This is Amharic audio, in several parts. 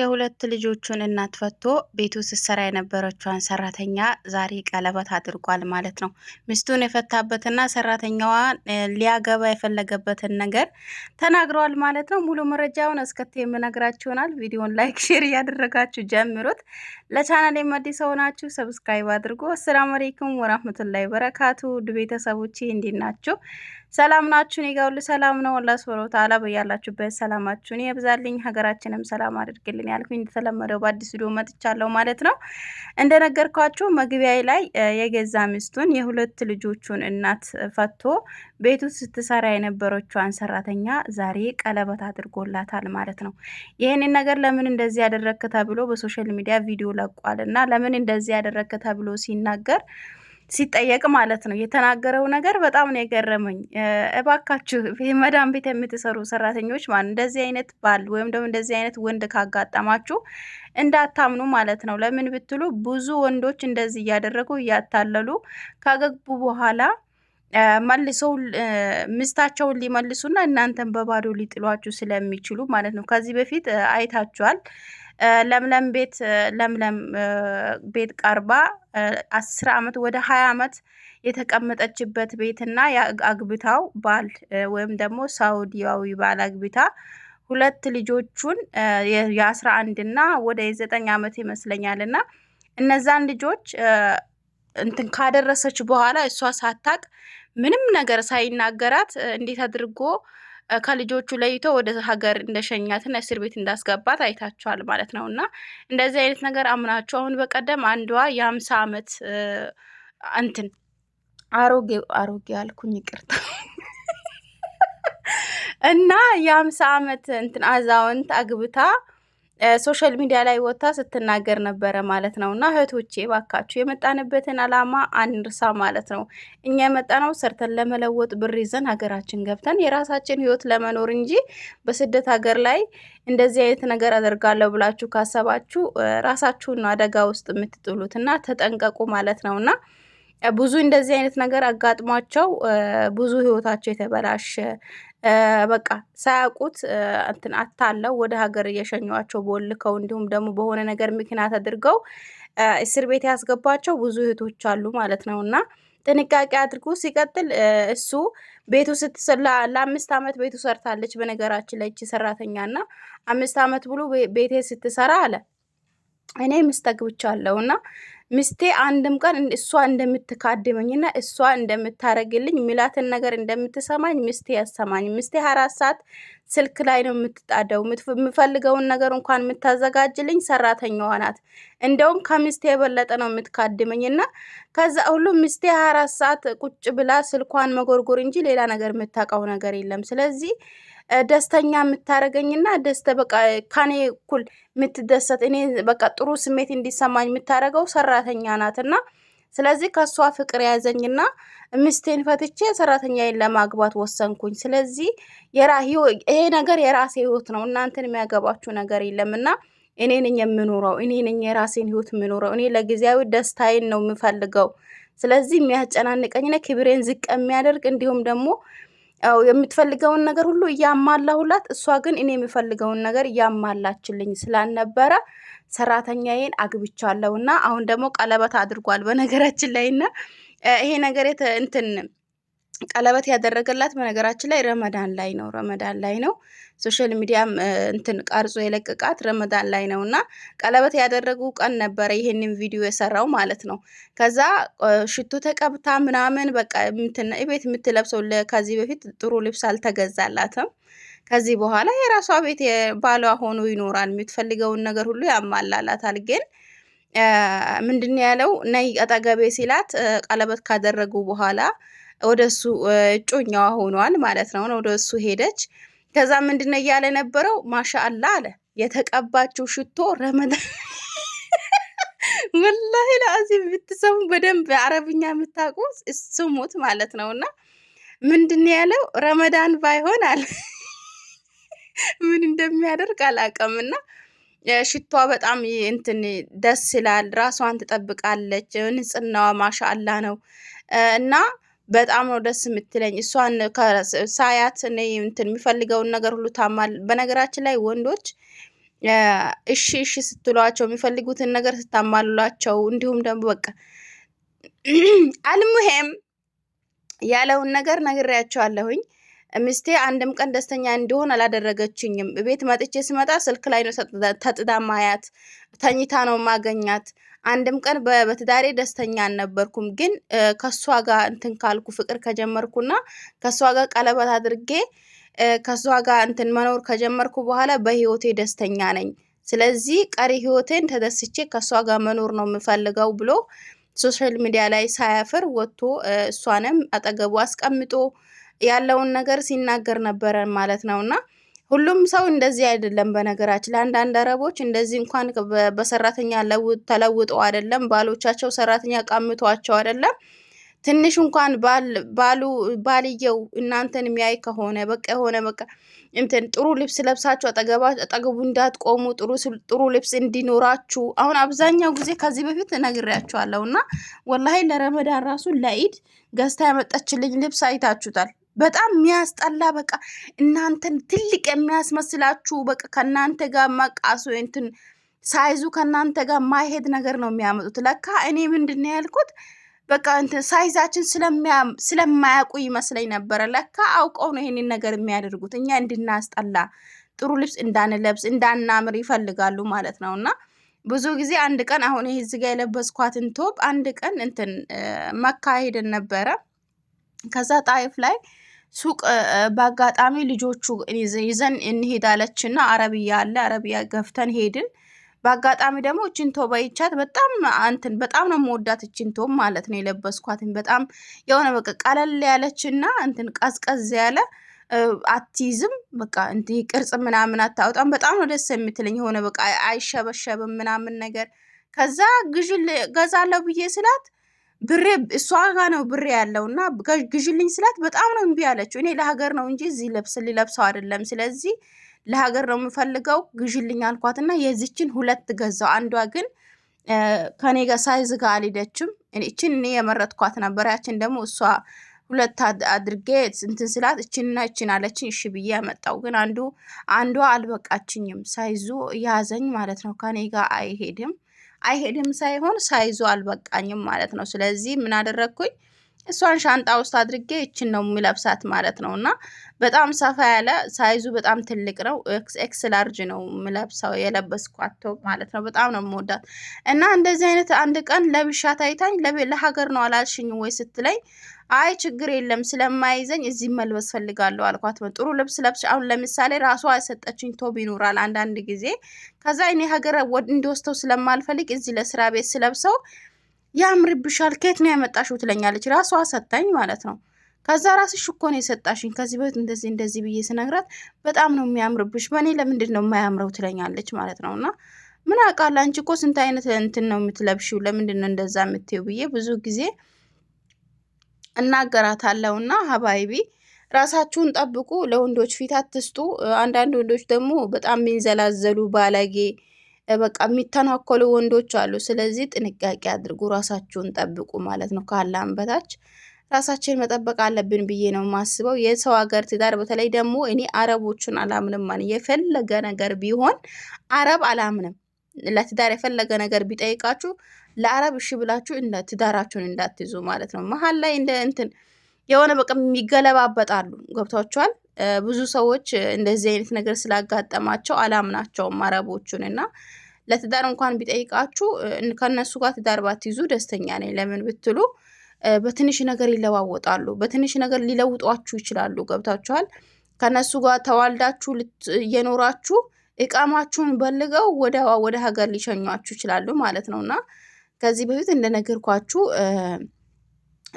የሁለት ልጆቹን እናት ፈቶ ቤቱ ስትሰራ የነበረችዋን ሰራተኛ ዛሬ ቀለበት አድርጓል ማለት ነው። ሚስቱን የፈታበትና ሰራተኛዋ ሊያገባ የፈለገበትን ነገር ተናግረዋል ማለት ነው። ሙሉ መረጃውን እስከቴ የምነግራችሁናል። ቪዲዮን ላይክ፣ ሼር እያደረጋችሁ ጀምሩት። ለቻናል የማዲስ ሰው ናችሁ ሰብስክራይብ አድርጉ። አሰላሙ አለይኩም ወራህመቱላሂ ወበረካቱ ድ ቤተሰቦቼ እንዴት ናችሁ? ሰላም ናችሁ? እኔ ጋር ሁሉ ሰላም ነው። አላህ ሱብሐነሁ ወተዓላ በያላችሁበት ሰላማችሁን ያብዛልኝ፣ ሀገራችንም ሰላም አድርግልን ያልኩኝ እንደተለመደው በአዲስ ቪዲዮ መጥቻለሁ ማለት ነው። እንደነገርኳችሁ መግቢያዬ ላይ የገዛ ሚስቱን የሁለት ልጆቹን እናት ፈቶ ቤት ውስጥ ስትሰራ የነበረችዋን ሰራተኛ ዛሬ ቀለበት አድርጎላታል ማለት ነው። ይህንን ነገር ለምን እንደዚህ ያደረግክ ተብሎ በሶሻል ሚዲያ ቪዲዮ ለቋል እና ለምን እንደዚህ ያደረግክ ተብሎ ሲናገር ሲጠየቅ ማለት ነው። የተናገረው ነገር በጣም ነው የገረመኝ። እባካችሁ መዳም ቤት የምትሰሩ ሰራተኞች ማለት እንደዚህ አይነት ባል ወይም ደግሞ እንደዚህ አይነት ወንድ ካጋጠማችሁ እንዳታምኑ ማለት ነው። ለምን ብትሉ ብዙ ወንዶች እንደዚህ እያደረጉ እያታለሉ ካገቡ በኋላ መልሰው ምስታቸውን ሊመልሱና እናንተን በባዶ ሊጥሏችሁ ስለሚችሉ ማለት ነው። ከዚህ በፊት አይታችኋል። ለምለም ቤት ለምለም ቤት ቀርባ አስር ዓመት ወደ ሀያ ዓመት የተቀመጠችበት ቤትና አግብታው ባል ወይም ደግሞ ሳውዲያዊ ባል አግብታ ሁለት ልጆቹን የአስራ አንድ እና ወደ የዘጠኝ አመት ይመስለኛል እና እነዛን ልጆች እንትን ካደረሰች በኋላ እሷ ሳታቅ ምንም ነገር ሳይናገራት እንዴት አድርጎ ከልጆቹ ለይቶ ወደ ሀገር እንደሸኛትና እስር ቤት እንዳስገባት አይታችኋል ማለት ነው። እና እንደዚህ አይነት ነገር አምናችሁ አሁን በቀደም አንዷ የአምሳ ዓመት እንትን አሮጌ አሮጌ አልኩኝ ይቅርታ እና የአምሳ ዓመት እንትን አዛውንት አግብታ ሶሻል ሚዲያ ላይ ወጥታ ስትናገር ነበረ ማለት ነው። እና እህቶቼ ባካችሁ የመጣንበትን አላማ አንርሳ ማለት ነው። እኛ የመጣነው ሰርተን ለመለወጥ ብር ይዘን ሀገራችን ገብተን የራሳችን ህይወት ለመኖር እንጂ በስደት ሀገር ላይ እንደዚህ አይነት ነገር አደርጋለሁ ብላችሁ ካሰባችሁ ራሳችሁን አደጋ ውስጥ የምትጥሉት እና ተጠንቀቁ ማለት ነው እና ብዙ እንደዚህ አይነት ነገር አጋጥሟቸው ብዙ ህይወታቸው የተበላሸ በቃ ሳያውቁት እንትን አታለው ወደ ሀገር እየሸኟቸው ቦልከው እንዲሁም ደግሞ በሆነ ነገር ምክንያት አድርገው እስር ቤት ያስገቧቸው ብዙ እህቶች አሉ ማለት ነው እና ጥንቃቄ አድርጉ። ሲቀጥል እሱ ቤቱ ለአምስት ዓመት ቤቱ ሰርታለች። በነገራችን ላይ እቺ ሰራተኛ እና አምስት ዓመት ብሎ ቤቴ ስትሰራ አለ እኔ ምስት እና ሚስቴ አንድም ቀን እሷ እንደምትካድመኝና እሷ እንደምታረግልኝ ሚላትን ነገር እንደምትሰማኝ ሚስቴ ያሰማኝ። ሚስቴ አራት ሰዓት ስልክ ላይ ነው የምትጣደው። የምፈልገውን ነገር እንኳን የምታዘጋጅልኝ ሰራተኛዋ ናት። እንደውም ከሚስቴ የበለጠ ነው የምትካድመኝና ከዛ ሁሉ ሚስቴ አራት ሰዓት ቁጭ ብላ ስልኳን መጎርጎር እንጂ ሌላ ነገር የምታውቀው ነገር የለም። ስለዚህ ደስተኛ የምታደርገኝና ደስተ በቃ ከኔ እኩል የምትደሰት እኔ በቃ ጥሩ ስሜት እንዲሰማኝ የምታደርገው ሰራተኛ ናትና ስለዚህ ከእሷ ፍቅር የያዘኝና ምስቴን ፈትቼ ሰራተኛዬን ለማግባት ወሰንኩኝ። ስለዚህ ይሄ ነገር የራሴ ህይወት ነው፣ እናንተን የሚያገባችሁ ነገር የለምና እኔ ነኝ የምኖረው፣ እኔ ነኝ የራሴን ህይወት የምኖረው። እኔ ለጊዜያዊ ደስታዬን ነው የምፈልገው። ስለዚህ የሚያጨናንቀኝና ክብሬን ዝቅ የሚያደርግ እንዲሁም ደግሞ ያው የምትፈልገውን ነገር ሁሉ እያማላሁላት፣ እሷ ግን እኔ የሚፈልገውን ነገር እያማላችልኝ ስላልነበረ ሰራተኛዬን እና አሁን ደግሞ ቀለበት አድርጓል በነገራችን ላይና ይሄ ነገር እንትን ቀለበት ያደረገላት በነገራችን ላይ ረመዳን ላይ ነው። ረመዳን ላይ ነው። ሶሻል ሚዲያም እንትን ቀርጾ የለቀቃት ረመዳን ላይ ነው እና ቀለበት ያደረጉ ቀን ነበረ ይሄንን ቪዲዮ የሰራው ማለት ነው። ከዛ ሽቶ ተቀብታ ምናምን በቃ ቤት የምትለብሰው ከዚህ በፊት ጥሩ ልብስ አልተገዛላትም። ከዚህ በኋላ የራሷ ቤት ባሏ ሆኖ ይኖራል። የምትፈልገውን ነገር ሁሉ ያሟላላታል ግን ምንድን ያለው ነይ አጠገቤ ሲላት ቀለበት ካደረጉ በኋላ ወደ እሱ እጮኛዋ ሆኗል ማለት ነው። ወደ እሱ ሄደች። ከዛ ምንድን ነው እያለ ነበረው? ማሻአላ አለ የተቀባችው ሽቶ ረመዳን ወላሂ ለአዚ የምትሰሙ በደንብ አረብኛ የምታውቁ ስሙት ማለት ነው። እና ምንድን ያለው ረመዳን ባይሆን አለ ምን እንደሚያደርግ አላውቅም። እና ሽቷ በጣም እንትን ደስ ይላል። ራሷን ትጠብቃለች። ንጽህናዋ ማሻአላ ነው እና በጣም ነው ደስ የምትለኝ። እሷን ሳያት እኔ እንትን የሚፈልገውን ነገር ሁሉ ታማል። በነገራችን ላይ ወንዶች እሺ እሺ ስትሏቸው የሚፈልጉትን ነገር ስታማሉላቸው፣ እንዲሁም ደግሞ በቃ አልሙሄም ያለውን ነገር ነግሬያቸዋለሁኝ። ሚስቴ አንድም ቀን ደስተኛ እንዲሆን አላደረገችኝም። ቤት መጥቼ ስመጣ ስልክ ላይ ነው ተጥዳ ማያት፣ ተኝታ ነው ማገኛት። አንድም ቀን በትዳሬ ደስተኛ አልነበርኩም። ግን ከእሷ ጋር እንትን ካልኩ ፍቅር ከጀመርኩና ከእሷ ጋር ቀለበት አድርጌ ከእሷ ጋር እንትን መኖር ከጀመርኩ በኋላ በህይወቴ ደስተኛ ነኝ። ስለዚህ ቀሪ ህይወቴን ተደስቼ ከእሷ ጋር መኖር ነው የምፈልገው ብሎ ሶሻል ሚዲያ ላይ ሳያፍር ወጥቶ እሷንም አጠገቡ አስቀምጦ ያለውን ነገር ሲናገር ነበረ ማለት ነው እና ሁሉም ሰው እንደዚህ አይደለም። በነገራችን ለአንዳንድ አረቦች እንደዚህ እንኳን በሰራተኛ ተለውጦ አይደለም ባሎቻቸው ሰራተኛ ቀምቷቸው አይደለም ትንሽ እንኳን ባሉ ባልየው እናንተን የሚያይ ከሆነ በቃ የሆነ በቃ እንትን ጥሩ ልብስ ለብሳችሁ አጠገቡ እንዳትቆሙ ጥሩ ልብስ እንዲኖራችሁ። አሁን አብዛኛው ጊዜ ከዚህ በፊት ነግሬያችኋለሁ እና ወላሂ ለረመዳን ራሱ ለኢድ ገዝታ ያመጣችልኝ ልብስ አይታችሁታል። በጣም የሚያስጠላ በቃ እናንተን ትልቅ የሚያስመስላችሁ በቃ ከእናንተ ጋር መቃሶ እንትን ሳይዙ ከእናንተ ጋር ማይሄድ ነገር ነው የሚያመጡት። ለካ እኔ ምንድን ነው ያልኩት በቃ እንትን ሳይዛችን ስለማያውቁ ይመስለኝ ነበረ። ለካ አውቀው ነው ይሄንን ነገር የሚያደርጉት፣ እኛ እንድናስጠላ፣ ጥሩ ልብስ እንዳንለብስ፣ እንዳናምር ይፈልጋሉ ማለት ነው እና ብዙ ጊዜ አንድ ቀን አሁን ይህ እዚህ የለበስኳትን ቶብ አንድ ቀን እንትን መካሄድን ነበረ ከዛ ጣይፍ ላይ ሱቅ በአጋጣሚ ልጆቹ ይዘን እንሄዳለች እና አረብያ አለ አረብያ ገፍተን ሄድን። በአጋጣሚ ደግሞ እችንቶ ባይቻት በጣም አንትን በጣም ነው መወዳት እችንቶም ማለት ነው የለበስኳትን በጣም የሆነ በቃ ቀለል ያለች እና እንትን ቀዝቀዝ ያለ አትይዝም በቃ እንዲህ ቅርጽ ምናምን አታወጣም። በጣም ነው ደስ የምትለኝ የሆነ በቃ አይሸበሸብም ምናምን ነገር ከዛ ግዥ ገዛለሁ ብዬ ስላት ብሬ እሷ ጋ ነው ብሬ ያለው እና ግዥልኝ ስላት በጣም ነው እምቢ ያለችው። እኔ ለሀገር ነው እንጂ እዚህ ልብስ ሊለብሰው አይደለም። ስለዚህ ለሀገር ነው የምፈልገው ግዥልኝ አልኳት እና የዚችን ሁለት ገዛው። አንዷ ግን ከኔ ጋር ሳይዝ ጋር አልሄደችም። እችን እኔ የመረጥኳት ነበር። ያችን ደግሞ እሷ ሁለት አድርጌ እንትን ስላት እችንና እችን አለችን። እሺ ብዬ ያመጣው ግን አንዱ አንዷ አልበቃችኝም። ሳይዙ ያዘኝ ማለት ነው። ከኔ ጋር አይሄድም አይሄድም ሳይሆን ሳይዞ አልበቃኝም ማለት ነው። ስለዚህ ምን አደረግኩኝ እሷን ሻንጣ ውስጥ አድርጌ ይችን ነው የሚለብሳት ማለት ነው። እና በጣም ሰፋ ያለ ሳይዙ በጣም ትልቅ ነው። ኤክስ ላርጅ ነው የምለብሰው የለበስኳት ማለት ነው። በጣም ነው የምወዳት እና እንደዚህ አይነት አንድ ቀን ለብሻ ታይታኝ ለሀገር ነው አላልሽኝ ወይ ስትለኝ አይ ችግር የለም ስለማይዘኝ እዚህ መልበስ ፈልጋለሁ አልኳት። ጥሩ ልብስ ለብስ። አሁን ለምሳሌ ራሷ የሰጠችኝ ቶብ ይኖራል አንዳንድ ጊዜ ከዛ እኔ ሀገር እንዲወስተው ስለማልፈልግ እዚህ ለስራ ቤት ስለብሰው ያምርብሻል፣ ከየት ነው ያመጣሽው? ትለኛለች ራሷ ሰታኝ ማለት ነው። ከዛ ራስሽ እኮ ነው የሰጣሽኝ፣ ከዚህ በፊት እንደዚህ እንደዚህ ብዬ ስነግራት በጣም ነው የሚያምርብሽ፣ በእኔ ለምንድን ነው የማያምረው? ትለኛለች ማለት ነው። እና ምን አውቃለሁ አንቺ እኮ ስንት አይነት እንትን ነው የምትለብሽው፣ ለምንድን ነው እንደዛ የምትይው ብዬ ብዙ ጊዜ እናገራታለሁ። እና ሀባይቢ ራሳችሁን ጠብቁ፣ ለወንዶች ፊት አትስጡ። አንዳንድ ወንዶች ደግሞ በጣም የሚንዘላዘሉ ባለጌ በቃ የሚተናኮሉ ወንዶች አሉ። ስለዚህ ጥንቃቄ አድርጉ፣ ራሳችሁን ጠብቁ ማለት ነው። ካላም በታች ራሳችን መጠበቅ አለብን ብዬ ነው የማስበው። የሰው ሀገር ትዳር በተለይ ደግሞ እኔ አረቦቹን አላምንም ማለት የፈለገ ነገር ቢሆን አረብ አላምንም። ለትዳር የፈለገ ነገር ቢጠይቃችሁ ለአረብ እሺ ብላችሁ ትዳራችሁን እንዳትይዙ ማለት ነው። መሀል ላይ እንደ እንትን የሆነ በቃ ይገለባበጣሉ። ገብቷችኋል? ብዙ ሰዎች እንደዚህ አይነት ነገር ስላጋጠማቸው አላምናቸውም አረቦቹን እና ለትዳር እንኳን ቢጠይቃችሁ ከነሱ ጋር ትዳር ባትይዙ ደስተኛ ነኝ። ለምን ብትሉ በትንሽ ነገር ይለዋወጣሉ። በትንሽ ነገር ሊለውጧችሁ ይችላሉ። ገብታችኋል። ከነሱ ጋር ተዋልዳችሁ እየኖራችሁ እቃማችሁን በልገው ወደ ወደ ሀገር ሊሸኟችሁ ይችላሉ ማለት ነው እና ከዚህ በፊት እንደነገርኳችሁ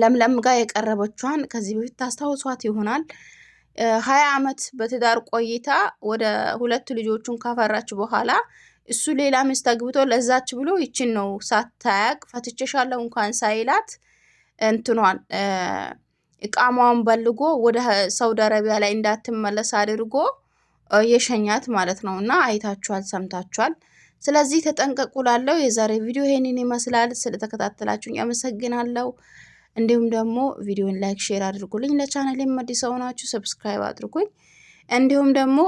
ለምለም ጋር የቀረበችዋን ከዚህ በፊት ታስታውሷት ይሆናል። ሀያ ዓመት በትዳር ቆይታ ወደ ሁለት ልጆቹን ካፈራች በኋላ እሱ ሌላ ሚስት አግብቶ ለዛች ብሎ ይችን ነው ሳታያቅ ፈትቼሻለሁ እንኳን ሳይላት እንትኗን እቃማውን በልጎ ወደ ሳውዲ አረቢያ ላይ እንዳትመለስ አድርጎ የሸኛት ማለት ነው። እና አይታችኋል፣ ሰምታችኋል። ስለዚህ ተጠንቀቁ የዛሬ ቪዲዮ ይሄንን ይመስላል። ስለተከታተላችሁኝ አመሰግናለሁ። እንዲሁም ደግሞ ቪዲዮን ላይክ፣ ሼር አድርጉልኝ። ለቻናል የመዲ ሰው ናችሁ ሰብስክራይብ አድርጉኝ። እንዲሁም ደግሞ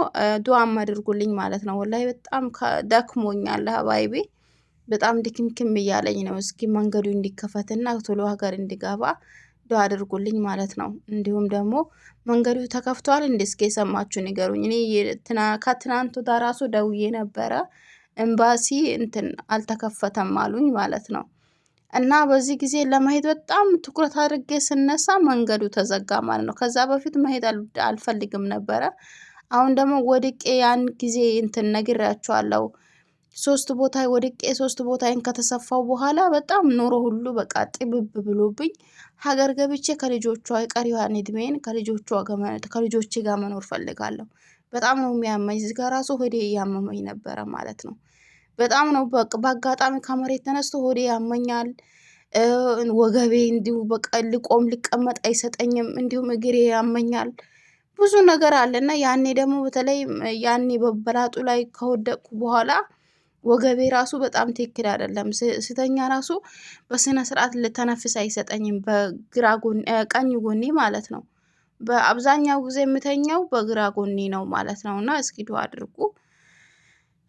ዱዓም አድርጉልኝ ማለት ነው። ወላሂ በጣም ደክሞኛል ሀባይቤ በጣም ድክምክም እያለኝ ነው። እስኪ መንገዱ እንዲከፈትና ቶሎ ሀገር እንዲገባ ዱዓ አድርጉልኝ ማለት ነው። እንዲሁም ደግሞ መንገዱ ተከፍቷል እንዲ እስኪ የሰማችሁ ንገሩኝ። እኔ ከትናንቱ ዳራሱ ደውዬ ነበረ፣ ኤምባሲ እንትን አልተከፈተም አሉኝ ማለት ነው። እና በዚህ ጊዜ ለመሄድ በጣም ትኩረት አድርጌ ስነሳ መንገዱ ተዘጋ ማለት ነው። ከዛ በፊት መሄድ አልፈልግም ነበረ። አሁን ደግሞ ወድቄ ያን ጊዜ እንትን ነግሬያቸዋለሁ። ሶስት ቦታ ወድቄ ሶስት ቦታዬን ከተሰፋው በኋላ በጣም ኑሮ ሁሉ በቃ ጥብብ ብሎብኝ ሀገር ገብቼ ከልጆቿ ቀሪዋን እድሜን ከልጆቿ ከልጆቼ ጋር መኖር ፈልጋለሁ። በጣም ነው የሚያመኝ እዚህ ጋር ራሱ ሆዴ እያመመኝ ነበረ ማለት ነው በጣም ነው በአጋጣሚ ከመሬት ተነስቶ ሆዴ ያመኛል፣ ወገቤ እንዲሁ በቃ ልቆም ልቀመጥ አይሰጠኝም፣ እንዲሁም እግሬ ያመኛል። ብዙ ነገር አለ እና ያኔ ደግሞ በተለይ ያኔ በበላጡ ላይ ከወደቅኩ በኋላ ወገቤ ራሱ በጣም ትክክል አይደለም። ስተኛ ራሱ በስነ ስርዓት ልተነፍስ አይሰጠኝም፣ በግራ ቀኝ ጎኔ ማለት ነው። በአብዛኛው ጊዜ የምተኛው በግራ ጎኔ ነው ማለት ነው። እና እስኪ ዱአ አድርጉ።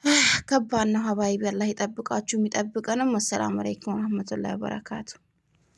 ከባድ ነው። ሀባይቢ አላህ ይጠብቃችሁ፣ የሚጠብቀንም። አሰላሙ አለይኩም ወረህመቱላሂ ወበረካቱ